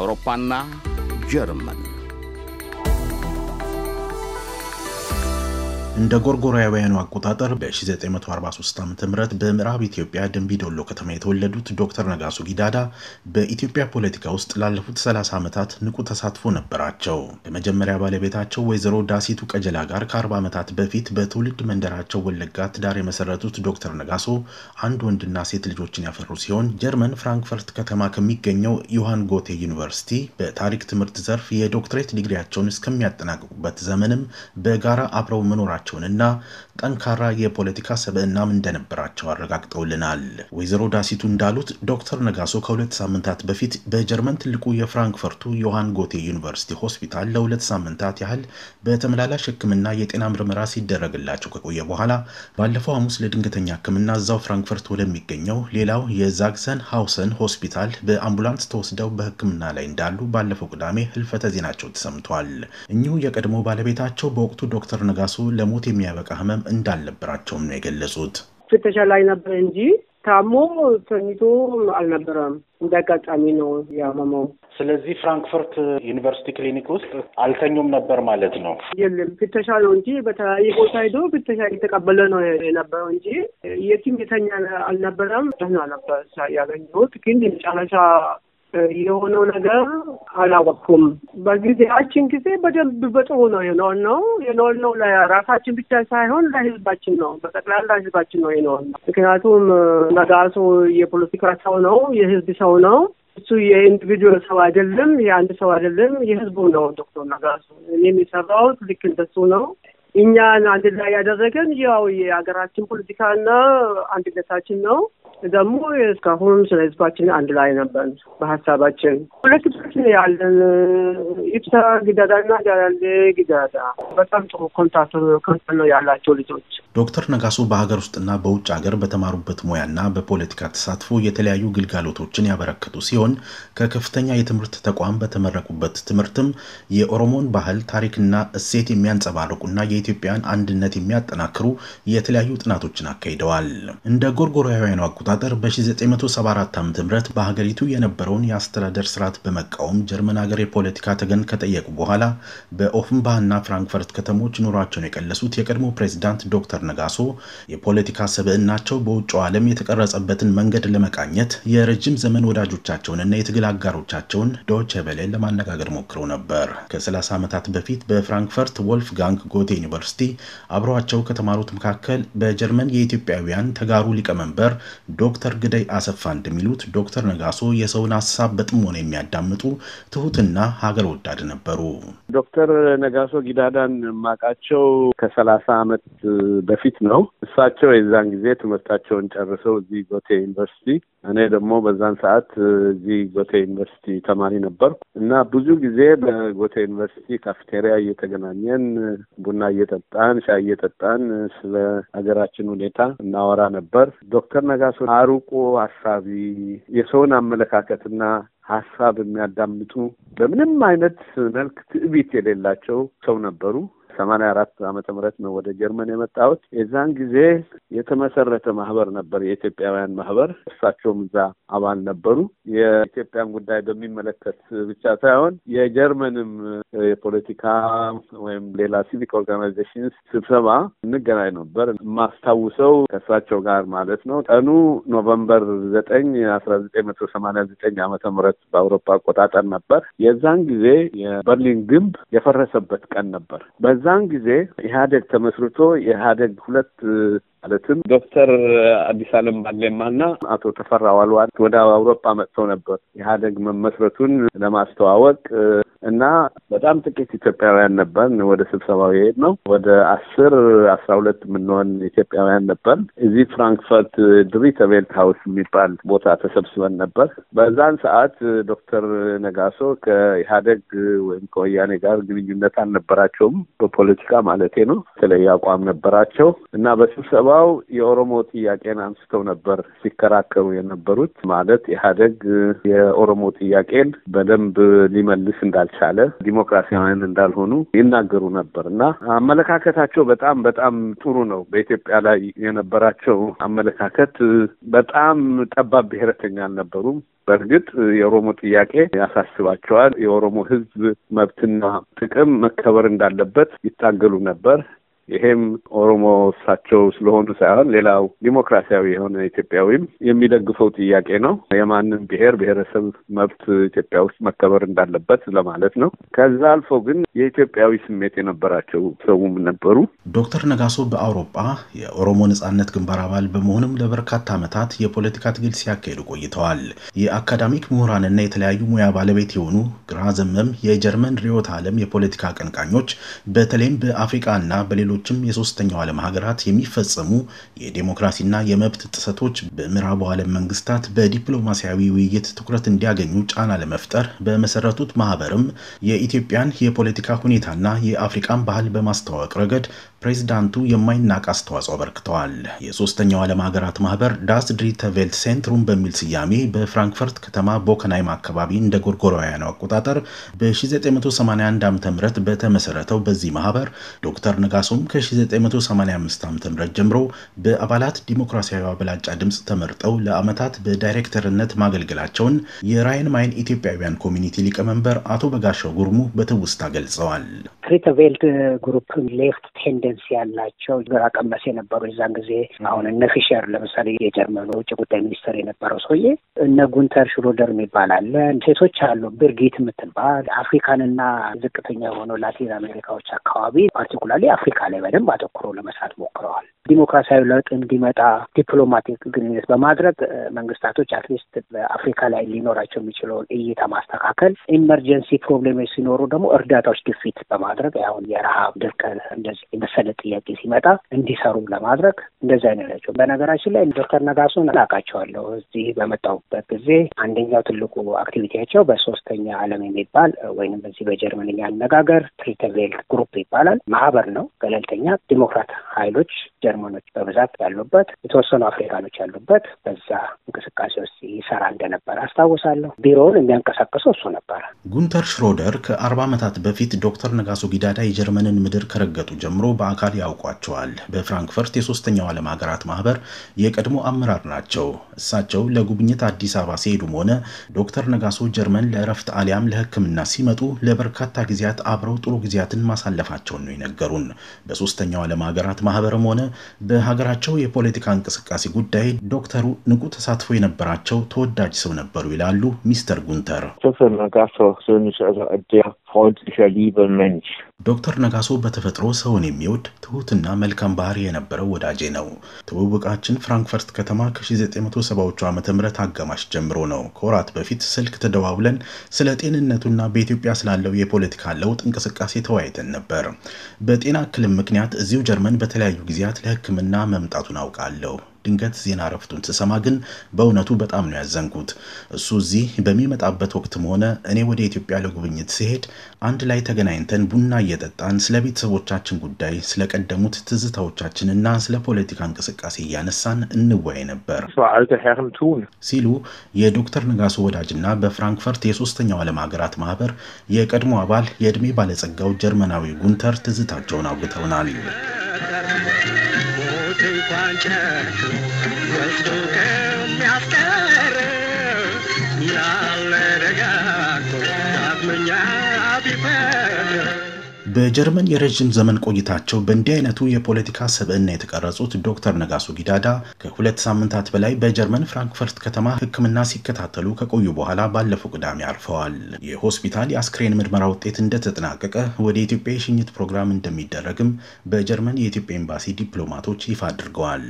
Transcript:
አውሮፓና ጀርመን እንደ ጎርጎራውያኑ አቆጣጠር በ1943 ዓ ም በምዕራብ ኢትዮጵያ ደንቢዶሎ ከተማ የተወለዱት ዶክተር ነጋሶ ጊዳዳ በኢትዮጵያ ፖለቲካ ውስጥ ላለፉት 30 ዓመታት ንቁ ተሳትፎ ነበራቸው። ከመጀመሪያ ባለቤታቸው ወይዘሮ ዳሲቱ ቀጀላ ጋር ከ40 ዓመታት በፊት በትውልድ መንደራቸው ወለጋ ትዳር የመሰረቱት ዶክተር ነጋሶ አንድ ወንድና ሴት ልጆችን ያፈሩ ሲሆን ጀርመን ፍራንክፈርት ከተማ ከሚገኘው ዮሐን ጎቴ ዩኒቨርሲቲ በታሪክ ትምህርት ዘርፍ የዶክትሬት ዲግሪያቸውን እስከሚያጠናቅቁበት ዘመንም በጋራ አብረው መኖራቸው መሆናቸውንና ጠንካራ የፖለቲካ ሰብዕናም እንደነበራቸው አረጋግጠውልናል። ወይዘሮ ዳሲቱ እንዳሉት ዶክተር ነጋሶ ከሁለት ሳምንታት በፊት በጀርመን ትልቁ የፍራንክፈርቱ ዮሐን ጎቴ ዩኒቨርሲቲ ሆስፒታል ለሁለት ሳምንታት ያህል በተመላላሽ ሕክምና የጤና ምርመራ ሲደረግላቸው ከቆየ በኋላ ባለፈው ሐሙስ ለድንገተኛ ሕክምና እዛው ፍራንክፈርት ወደሚገኘው ሌላው የዛግሰን ሃውሰን ሆስፒታል በአምቡላንስ ተወስደው በሕክምና ላይ እንዳሉ ባለፈው ቅዳሜ ህልፈተ ዜናቸው ተሰምቷል። እኚሁ የቀድሞ ባለቤታቸው በወቅቱ ዶክተር ነጋሶ ለሞት የሚያበቃ ህመም እንዳልነበራቸውም ነው የገለጹት። ፍተሻ ላይ ነበር እንጂ ታሞ ተኝቶ አልነበረም። እንደ አጋጣሚ ነው ያመመው። ስለዚህ ፍራንክፈርት ዩኒቨርሲቲ ክሊኒክ ውስጥ አልተኙም ነበር ማለት ነው? የለም ፍተሻ ነው እንጂ በተለያየ ቦታ ሄዶ ፍተሻ እየተቀበለ ነው የነበረው እንጂ የትም የተኛ አልነበረም። ደህና ነበር ያገኘሁት ግን የመጨረሻ የሆነው ነገር አላወቅኩም። በጊዜያችን ጊዜ በደንብ በጥሩ ነው የኖርነው። የኖርነው ለራሳችን ብቻ ሳይሆን ለህዝባችን ነው፣ በጠቅላላ ሕዝባችን ነው የኖርነው። ምክንያቱም ነጋሶ የፖለቲካ ሰው ነው፣ የህዝብ ሰው ነው። እሱ የኢንዲቪጁዋል ሰው አይደለም፣ የአንድ ሰው አይደለም፣ የህዝቡ ነው። ዶክተር ነጋሶ የሚሰራው ልክ እንደሱ ነው። እኛን አንድ ላይ ያደረገን ያው የሀገራችን ፖለቲካና አንድነታችን ነው። ደግሞ እስካሁን ስለ ህዝባችን አንድ ላይ ነበር። በሀሳባችን ሁለት ቶችን ያለን ኢብሳ ና ጃላሌ ግዳዳ በጣም ጥሩ ኮንታክት ነው ያላቸው ልጆች። ዶክተር ነጋሶ በሀገር ውስጥና በውጭ ሀገር በተማሩበት ሙያና በፖለቲካ ተሳትፎ የተለያዩ ግልጋሎቶችን ያበረከቱ ሲሆን ከከፍተኛ የትምህርት ተቋም በተመረቁበት ትምህርትም የኦሮሞን ባህል ታሪክና እሴት የሚያንጸባርቁና የኢትዮጵያን አንድነት የሚያጠናክሩ የተለያዩ ጥናቶችን አካሂደዋል። እንደ ጎርጎሮያውያኑ አቁጣ አቆጣጠር በ1974 ዓ ም በሀገሪቱ የነበረውን የአስተዳደር ስርዓት በመቃወም ጀርመን ሀገር የፖለቲካ ተገን ከጠየቁ በኋላ በኦፍንባህና ፍራንክፈርት ከተሞች ኑሯቸውን የቀለሱት የቀድሞ ፕሬዚዳንት ዶክተር ነጋሶ የፖለቲካ ስብዕናቸው በውጭ ዓለም የተቀረጸበትን መንገድ ለመቃኘት የረጅም ዘመን ወዳጆቻቸውንና የትግል አጋሮቻቸውን ዶቼ ቬለን ለማነጋገር ሞክረው ነበር። ከ30 ዓመታት በፊት በፍራንክፈርት ወልፍጋንግ ጎቴ ዩኒቨርሲቲ አብረዋቸው ከተማሩት መካከል በጀርመን የኢትዮጵያውያን ተጋሩ ሊቀመንበር ዶክተር ግደይ አሰፋ እንደሚሉት ዶክተር ነጋሶ የሰውን ሀሳብ በጥሞና የሚያዳምጡ ትሁትና ሀገር ወዳድ ነበሩ። ዶክተር ነጋሶ ጊዳዳን ማቃቸው ከሰላሳ አመት በፊት ነው። እሳቸው የዛን ጊዜ ትምህርታቸውን ጨርሰው እዚህ ጎቴ ዩኒቨርሲቲ እኔ ደግሞ በዛን ሰዓት እዚህ ጎቴ ዩኒቨርሲቲ ተማሪ ነበርኩ እና ብዙ ጊዜ በጎቴ ዩኒቨርሲቲ ካፍቴሪያ እየተገናኘን ቡና እየጠጣን ሻይ እየጠጣን ስለ ሀገራችን ሁኔታ እናወራ ነበር። ዶክተር ነጋሶ አርቆ አሳቢ የሰውን አመለካከትና ሀሳብ የሚያዳምጡ በምንም አይነት መልክ ትዕቢት የሌላቸው ሰው ነበሩ። ሰማንያ አራት ዓመተ ምህረት ነው ወደ ጀርመን የመጣሁት። የዛን ጊዜ የተመሰረተ ማህበር ነበር፣ የኢትዮጵያውያን ማህበር። እሳቸውም እዛ አባል ነበሩ። የኢትዮጵያን ጉዳይ በሚመለከት ብቻ ሳይሆን የጀርመንም የፖለቲካ ወይም ሌላ ሲቪክ ኦርጋናይዜሽን ስብሰባ እንገናኝ ነበር። የማስታውሰው ከእሳቸው ጋር ማለት ነው። ቀኑ ኖቨምበር ዘጠኝ አስራ ዘጠኝ መቶ ሰማንያ ዘጠኝ ዓመተ ምህረት በአውሮፓ አቆጣጠር ነበር። የዛን ጊዜ የበርሊን ግንብ የፈረሰበት ቀን ነበር። በዛ በዛን ጊዜ ኢህአደግ ተመስርቶ የኢህአደግ ሁለት ማለትም ዶክተር አዲስ አለም ባሌማና አቶ ተፈራ ዋልዋል ወደ አውሮፓ መጥተው ነበር ኢህአደግ መመስረቱን ለማስተዋወቅ እና በጣም ጥቂት ኢትዮጵያውያን ነበር ወደ ስብሰባው የሄድ ነው። ወደ አስር አስራ ሁለት የምንሆን ኢትዮጵያውያን ነበር። እዚህ ፍራንክፈርት ድሪተ ቬልት ሀውስ የሚባል ቦታ ተሰብስበን ነበር። በዛን ሰዓት ዶክተር ነጋሶ ከኢህአደግ ወይም ከወያኔ ጋር ግንኙነት አልነበራቸውም፣ በፖለቲካ ማለቴ ነው። የተለየ አቋም ነበራቸው እና በስብሰባ ስብሰባው የኦሮሞ ጥያቄን አንስተው ነበር ሲከራከሩ የነበሩት። ማለት ኢህአደግ የኦሮሞ ጥያቄን በደንብ ሊመልስ እንዳልቻለ፣ ዲሞክራሲያውያን እንዳልሆኑ ይናገሩ ነበር እና አመለካከታቸው በጣም በጣም ጥሩ ነው። በኢትዮጵያ ላይ የነበራቸው አመለካከት በጣም ጠባብ ብሔረተኛ አልነበሩም። በእርግጥ የኦሮሞ ጥያቄ ያሳስባቸዋል። የኦሮሞ ሕዝብ መብትና ጥቅም መከበር እንዳለበት ይታገሉ ነበር። ይሄም ኦሮሞ እሳቸው ስለሆኑ ሳይሆን ሌላው ዲሞክራሲያዊ የሆነ ኢትዮጵያዊም የሚደግፈው ጥያቄ ነው። የማንም ብሔር ብሔረሰብ መብት ኢትዮጵያ ውስጥ መከበር እንዳለበት ለማለት ነው። ከዛ አልፎ ግን የኢትዮጵያዊ ስሜት የነበራቸው ሰውም ነበሩ። ዶክተር ነጋሶ በአውሮፓ የኦሮሞ ነጻነት ግንባር አባል በመሆንም ለበርካታ ዓመታት የፖለቲካ ትግል ሲያካሂዱ ቆይተዋል። የአካዳሚክ ምሁራንና የተለያዩ ሙያ ባለቤት የሆኑ ግራ ዘመም የጀርመን ርዕዮተ ዓለም የፖለቲካ አቀንቃኞች በተለይም በአፍሪቃና በሌሎች ሌሎችም የሶስተኛው ዓለም ሀገራት የሚፈጸሙ የዴሞክራሲና የመብት ጥሰቶች በምዕራቡ ዓለም መንግስታት በዲፕሎማሲያዊ ውይይት ትኩረት እንዲያገኙ ጫና ለመፍጠር በመሰረቱት ማህበርም የኢትዮጵያን የፖለቲካ ሁኔታና የአፍሪካን ባህል በማስተዋወቅ ረገድ ፕሬዚዳንቱ የማይናቅ አስተዋጽኦ አበርክተዋል። የሶስተኛው ዓለም ሀገራት ማህበር ዳስ ድሪተ ቬልት ሴንትሩም በሚል ስያሜ በፍራንክፈርት ከተማ ቦከናይም አካባቢ እንደ ጎርጎሮውያኑ አቆጣጠር በ1981 ዓ ም በተመሰረተው በዚህ ማህበር ዶክተር ነጋሶ እነርሱም ከ1985 ዓ ም ጀምሮ በአባላት ዲሞክራሲያዊ አብላጫ ድምፅ ተመርጠው ለዓመታት በዳይሬክተርነት ማገልገላቸውን የራይን ማይን ኢትዮጵያውያን ኮሚኒቲ ሊቀመንበር አቶ በጋሻው ጉርሙ በትውስታ ገልጸዋል። ፍሪተ ግሩፕ ሌፍት ቴንደንሲ ያላቸው ግራ ቀመስ የነበሩ የዛን ጊዜ አሁን እነ ፊሸር ለምሳሌ የጀርመኑ ውጭ ጉዳይ ሚኒስትር የነበረው ሰውዬ እነ ጉንተር ሽሮደር የሚባል አለ። ሴቶች አሉ ብርጊት የምትባል አፍሪካንና ዝቅተኛ የሆነው ላቲን አሜሪካዎች አካባቢ ፓርቲኩላሊ አፍሪካ ላይ በደንብ አተኩሮ ለመስራት ሞክረዋል። ዲሞክራሲያዊ ለውጥ እንዲመጣ ዲፕሎማቲክ ግንኙነት በማድረግ መንግስታቶች አትሊስት በአፍሪካ ላይ ሊኖራቸው የሚችለውን እይታ ማስተካከል፣ ኢመርጀንሲ ፕሮብሌሞች ሲኖሩ ደግሞ እርዳታዎች ግፊት በማድረግ አሁን የረሃብ ድርቅ፣ እንደዚህ የመሰለ ጥያቄ ሲመጣ እንዲሰሩ ለማድረግ እንደዚህ አይነት ናቸው። በነገራችን ላይ ዶክተር ነጋሶን አላቃቸዋለሁ። እዚህ በመጣሁበት ጊዜ አንደኛው ትልቁ አክቲቪቲያቸው በሶስተኛ ዓለም የሚባል ወይም በዚህ በጀርመንኛ አነጋገር ትሪተቬልት ግሩፕ ይባላል። ማህበር ነው፣ ገለልተኛ ዲሞክራት ሀይሎች ጀርመን ሃይማኖት በብዛት ያሉበት የተወሰኑ አፍሪካኖች ያሉበት በዛ እንቅስቃሴ ውስጥ ይሰራ እንደነበረ አስታውሳለሁ። ቢሮውን የሚያንቀሳቀሰው እሱ ነበረ። ጉንተር ሽሮደር ከአርባ ዓመታት በፊት ዶክተር ነጋሶ ጊዳዳ የጀርመንን ምድር ከረገጡ ጀምሮ በአካል ያውቋቸዋል። በፍራንክፈርት የሶስተኛው ዓለም ሀገራት ማህበር የቀድሞ አመራር ናቸው። እሳቸው ለጉብኝት አዲስ አበባ ሲሄዱም ሆነ ዶክተር ነጋሶ ጀርመን ለእረፍት አሊያም ለሕክምና ሲመጡ ለበርካታ ጊዜያት አብረው ጥሩ ጊዜያትን ማሳለፋቸውን ነው የነገሩን። በሶስተኛው ዓለም ሀገራት ማህበርም ሆነ በሀገራቸው የፖለቲካ እንቅስቃሴ ጉዳይ ዶክተሩ ንቁ ተሳትፎ የነበራቸው ተወዳጅ ሰው ነበሩ ይላሉ ሚስተር ጉንተር ዶክተር ነጋሶ በተፈጥሮ ሰውን የሚወድ ትሁትና መልካም ባህሪ የነበረው ወዳጄ ነው። ትውውቃችን ፍራንክፈርት ከተማ ከ1970ዎቹ ዓመተ አጋማሽ ጀምሮ ነው። ከወራት በፊት ስልክ ተደዋውለን ስለ ጤንነቱና በኢትዮጵያ ስላለው የፖለቲካ ለውጥ እንቅስቃሴ ተወያይተን ነበር። በጤና እክልም ምክንያት እዚሁ ጀርመን በተለያዩ ጊዜያት ለሕክምና መምጣቱን አውቃለሁ። ድንገት ዜና እረፍቱን ስሰማ ግን በእውነቱ በጣም ነው ያዘንኩት። እሱ እዚህ በሚመጣበት ወቅትም ሆነ እኔ ወደ ኢትዮጵያ ለጉብኝት ሲሄድ አንድ ላይ ተገናኝተን ቡና እየጠጣን ስለ ቤተሰቦቻችን ጉዳይ፣ ስለ ቀደሙት ትዝታዎቻችንና ስለ ፖለቲካ እንቅስቃሴ እያነሳን እንወያይ ነበር ሲሉ የዶክተር ነጋሶ ወዳጅና በፍራንክፈርት የሶስተኛው ዓለም ሀገራት ማህበር የቀድሞ አባል የዕድሜ ባለጸጋው ጀርመናዊ ጉንተር ትዝታቸውን አውግተውናል። ሞት እንኳን ጨርቅ ወስዶ ዳግመኛ ቢፈ በጀርመን የረዥም ዘመን ቆይታቸው በእንዲህ አይነቱ የፖለቲካ ስብዕና የተቀረጹት ዶክተር ነጋሶ ጊዳዳ ከሁለት ሳምንታት በላይ በጀርመን ፍራንክፈርት ከተማ ሕክምና ሲከታተሉ ከቆዩ በኋላ ባለፈው ቅዳሜ አርፈዋል። የሆስፒታል የአስክሬን ምርመራ ውጤት እንደተጠናቀቀ ወደ ኢትዮጵያ የሽኝት ፕሮግራም እንደሚደረግም በጀርመን የኢትዮጵያ ኤምባሲ ዲፕሎማቶች ይፋ አድርገዋል።